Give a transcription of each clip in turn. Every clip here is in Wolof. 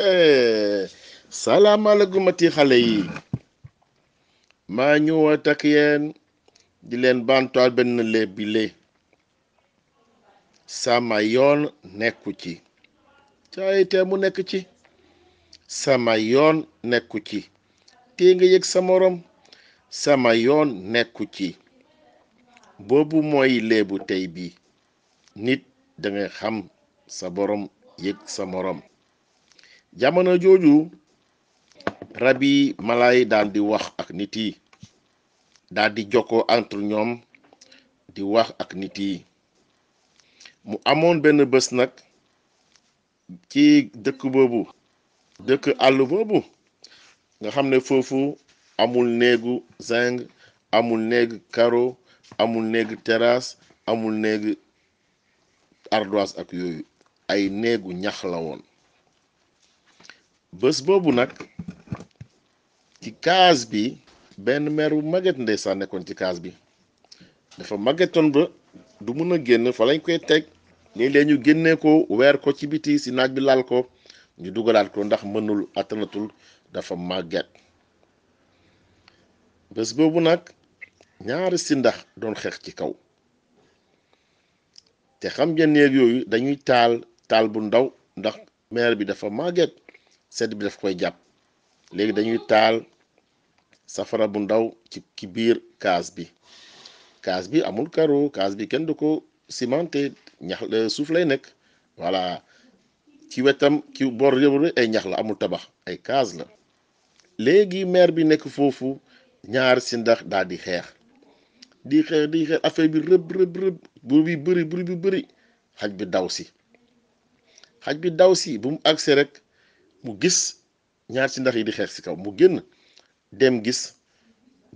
Eh, salaamaaleykum ati xale yi maa ñëwaat ak yéen di leen bantuwaal benn léeb bi lée sama yoon nekku ci caayite mu nekk ci sama yoon nekku ci te nga yëg sa moroom sama yoon nekku ci boobu mooy léebu tey bi nit danga xam sa boroom yëg sa moroom jamono jooju rab yi mala yi daan di wax ak nit yi daal di jokkoo entre ñoom di wax ak nit yi mu amoon benn bés nag ci dëkk boobu dëkk àll boobu nga xam ne foofu amul néegu zinc amul néegu carreau amul néegu terrasse amul néegu ardoise ak yooyu ay néegu ñax la woon bés boobu nag ci kaas bi benn meer bu màgget ndeysaan nekkoon ci kaas bi dafa màggetoon ba du mën a génn fa lañ koy teg léeg-léeg ñu génnee ko weer ko ci biti si naaj bi laal ko ñu dugalaat ko ndax mënul àttanatul dafa màgget bés boobu nag ñaari si ndax doon xeex ci kaw te xam nga néeg yooyu dañuy taal taal bu ndaw ndax meer bi dafa màgget sedd bi daf koy jàpp léegi dañuy taal safara bu ndaw ci ki biir kaas bi kaas bi amul karo kaas bi kenn du ko cimenté ñax la euh, suuf lay nekk voilà ci wetam ci bor yëpp ay ñax la amul tabax ay kaas la léegi maire bi nekk foofu ñaar si daal di xeex di xeex di bi rëb rëb rëb bur bi bëri bi bëri xaj bi daw si xaj bi daw si bu mu agsee rek mu gis ñaar si ndax yi di xeex ci kaw mu génn dem gis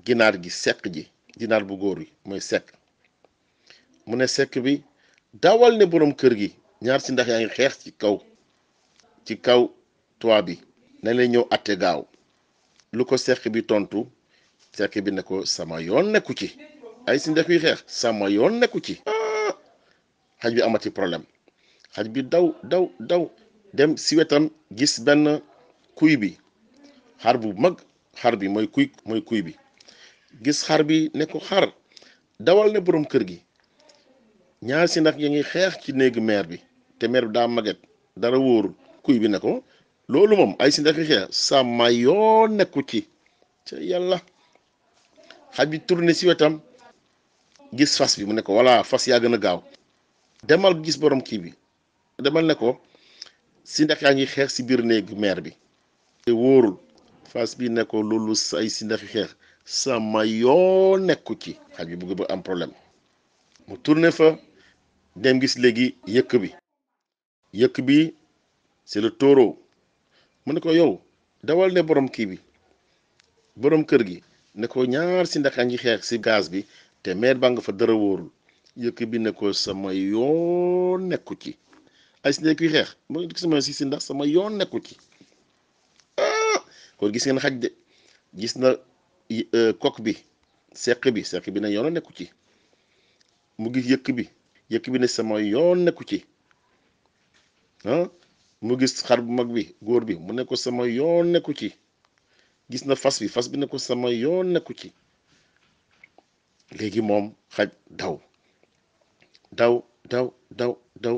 ginaar gi sekk ji ginaar bu góor yi mooy sekk mu ne sekk bi dawal ne boroom kër gi ñaar si ndax yaa ngi xeex ci kaw ci kaw toit bi nañ lay ñëw atte gaaw lu ko sekk bi tontu sekk bi ne ko sama yoon nekku ci ay si ndax yuy xeex sama yoon nekku ci ah, xaj bi amati problème xaj bi daw daw daw dem si wetam gis benn kuy bi xar bu mag xar bi mooy kuy mooy kuy bi gis xar bi ne ko xar dawal ne boroom kër gi ñaar si nag ya ngi xeex ci néegu meer bi te meer bi daa maget dara wóorul kuy bi ne ko loolu moom ay si nag yi xeex sama yoo nekku ci ca yàlla xaj bi turne si wetam gis fas bi mu ne ko voilà fas yaa gën a gaaw demal gis boroom kii bi demal ne ko sindax yaa ngi xeex si biir néegu maire bi te wóorul phase bi ne ko loolu ay sindax yu xeex sama yoo nekku ci xaj bi bëgg ba am problème mu tourné fa dem gis léegi yëkk bi yëkk bi c'est la taureau mu ne ko yow dawal ne borom kii bi boroom kër gi ne ko ñaar ndax yaa ngi xeex si gaz bi te maire baa nga fa dara wóorul yëkk bi ne ko sama yoo nekku ci ay si nekkuy xeex ma gisuma si si ndax sama yoon nekku ci ah! kon gis ngeen xaj de gis na e, kok bi seq bi seq bi ne yoon nekku ci mu gis yëkk bi yëkk bi ne sama yoon nekku ci ah! mu gis xar bu mag bi góor bi mu ne ko sama yoon nekku ci gis na fas bi fas bi ne ko sama yoon nekku ci léegi moom xaj daw daw daw daw daw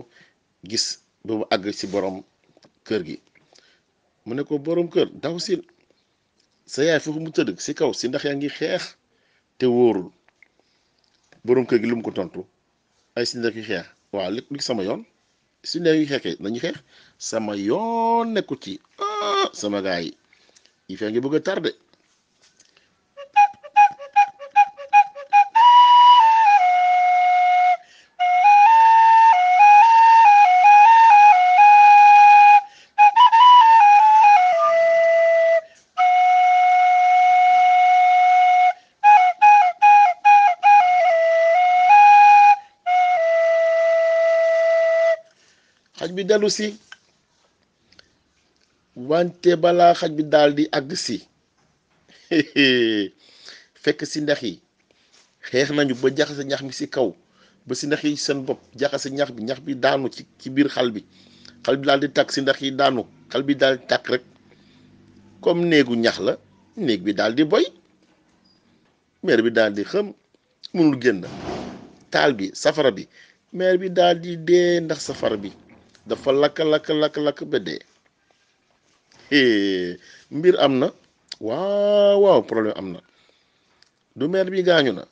gis ba mu àgg ci borom kër gi mu ne ko borom kër daw si sa yaay foofu mu tëdd ci kaw si ndax yaa ngi xeex te wóorul borom kër gi lu mu ko tontu ay si ndax yu xeex waaw li li sama yoon si ndax yu xeexee nañu xeex sama yoon nekku ci ah, sama gars yi yi fee ngi bëgg a bi dellu si wante balaa xaj bi daal di àgg si fekk si ndax yi xeex nañu ba jaxase ñax mi si kaw ba si ndax yi seen bopp jaxase ñax bi ñax bi daanu ci ci biir xal bi xal bi daal di tàkk si ndax yi daanu xal bi daal di tàkk rek comme néegu ñax la néeg bi daal di boy meer bi daal di xëm mënul génn taal bi safara bi meer bi daal di dee ndax safara bi dafa lakk lakk lakk lakk ba dee mbir am na waaw waaw problème am na du maire bi gaañu na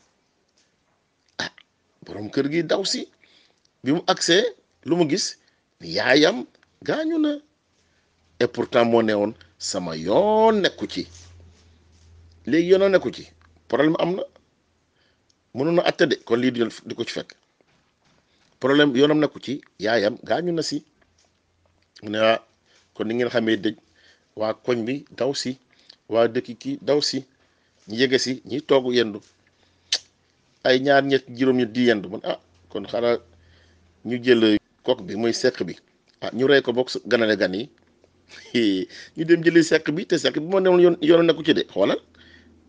ah borom kër gi daw si bi mu agsee lu mu gis yaayam gaañu na pour pourtant moo ne woon sama yoon nekku ci léegi yoon nekku ci problème am na mënoon na atte de kon lii di ko ci fekk. problème yoonam nekku ci yaayam gaañu na si ne waa kon ni ngeen xamee dëj waa koñ bi daw si waa dëkk ki daw si ñu yëge si ñi toog yendu ay ñaar ñett juróom ñu di yendu man a ah, kon xanaa ñu jël kok bi muy seq bi ah ñu rey ko bokk ganale gan yi ñu dem jëli seq bi te seq bi moo newoon yoon yoon nekku ci de xoolal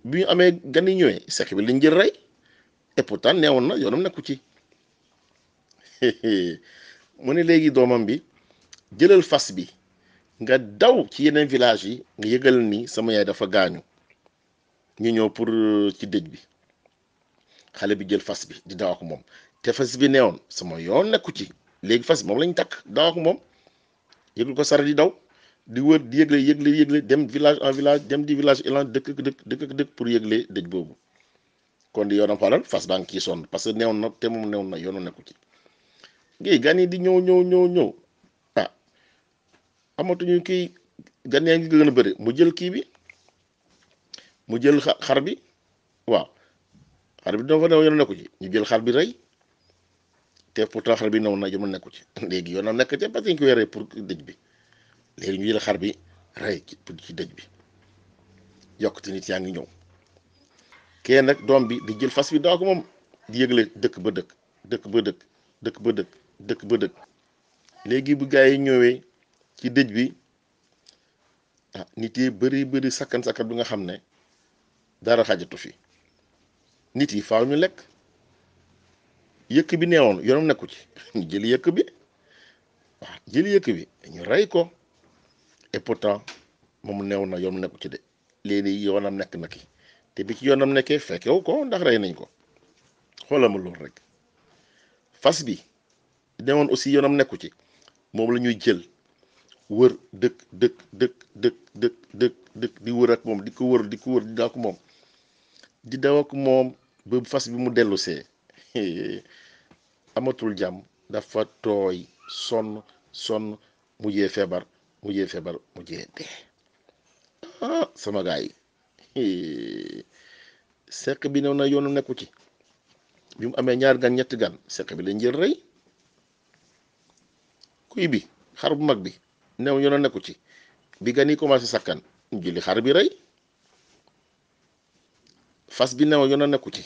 bi ñu amee gan yi ñëwee seq bi lañ jël rey et pourtant neewoon na yoonam nekku ci mu ne léegi doomam bi jëlal fas bi nga daw ci yeneen village yi nga yëgal ni sama yaay dafa gaañu ñu ñëw pour euh, ci dëj bi xale bi jël fas bi di daw ak moom te fas bi neewoon sama yoon nekku ci léegi fas bi moom lañ takk daw ak moom yëgul ko sara di daw di wër di yëgle yëgle dem village en village dem di village ilan dëkk dëkk dëkk dëkk pour yëgle dëj boobu kon di yoonam xoolal fas baa ngi kii sonn parce que neewoon na te moom neewoon na nekku ci ngi gan yi di ñëw ñëw ñëw ñëw ah amatuñu kii gan yaa ngi gën a bëri mu jël kii bi mu jël xar bi waaw xar bi dina fa new nekku ci ñu jël xar bi rey te pourtant xar bi naw na yoon nekku ci léegi yoon nekk ci parce que ñu koy rey pour dëj bi léegi ñu jël xar bi rey ci pour ci dëj bi yokk te nit yaa ngi ñëw kee nag doom bi di jël fas bi daa ko moom di yëgle ba dëkk dëkk ba dëkk dëkk ba dëkk dëkk ba dëkk léegi bu gaa yi ñëwee ci dëj bi ah, nit yi bari bari sakkan sakkan bi nga xam ne dara xajatu fi nit yi faw ñu lekk yëkk bi neewoon yoonam nekku ci ñu jëli yëkk bi waaw yëkk bi ñu rey ko et pourtant moom neew na yoonam nekku ci de léegi yoonam nekk na ki te bi ci yoonam nekkee fekkewu ko ndax rey nañ ko xoolal ma loolu rek fas bi demoon aussi yoonam nekku ci moom la ñuy jël wër dëkk dëkk dëkk dëkk di wër ak moom di ko wër di ko wër di daw ak moom di daw ak moom ba fas bi mu dellusee amatul jàmm dafa tooy sonn sonn mu feebar mu jee feebar mu jee dee ah, sama gaay yi seq bi new na yoonu nekku ci bi mu amee ñaar gan ñetti gan seq bi lañ jël rey kuy bi xar bu mag bi new yoon a nekku ci bi gan yi sakkan julli xar bi rey fas bi new yoon a nekku ci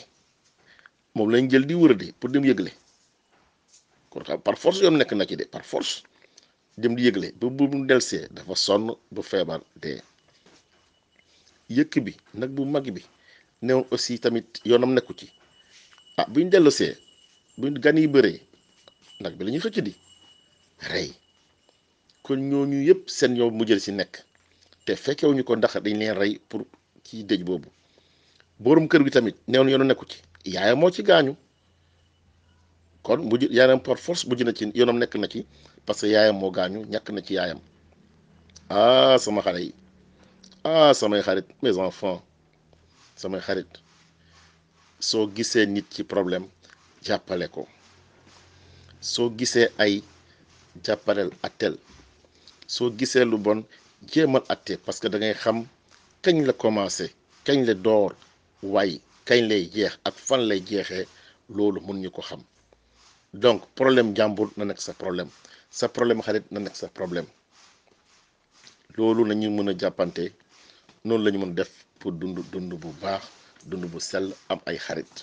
moom lañ jël di wër di pour dem yëgle kon par force yoon nekk na ci de par force dem di yëgle ba bu mu delsee dafa sonn bu feebar de yëkk bi nag bu mag bi new aussi tamit yoonam nekku ci ah buñ dellusee buñ gan yi bëree nag bi lañuy ñuy xëcc di rey kon ñooñu yëpp seen yow mu jël si nekk te fekkewuñu ko ndax dañ leen rey pour ci dëj boobu boroom kër gi tamit neewoon yoonu nekku ci yaayam moo ci gaañu kon mujj yaayam par force mujj na ci yoonam nekk na ci parce que yaayam moo gaañu ñàkk na ci yaayam ah sama xale yi ah samay xarit mes enfants samay xarit soo gisee nit ci problème jàppale ko soo gisee ay jàppaleel atteel soo gisee lu bon jéemal atte parce que da ngay xam kañ la commencé kañ la door waaye kañ lay jeex ak fan lay jeexee loolu mun ñu ko xam donc problème jàmbur na nekk sa problème sa problème xarit na nekk sa problème loolu la ñu mën a jàppante noonu la ñu mën a def pour dund dund bu baax dund bu sell am ay xarit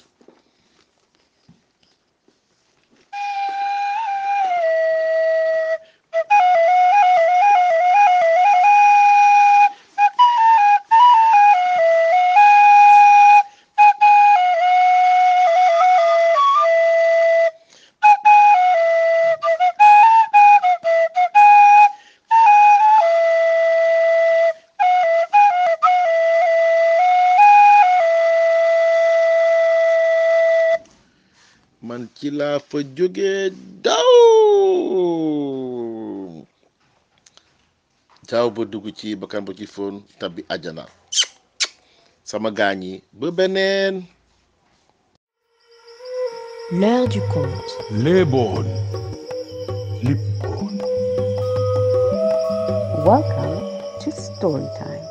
ci laa fa jóge daw daaw ba dugg ci bakkan ba ci foon tabbi àjjana sama gaañ ba beneen l'heure du conte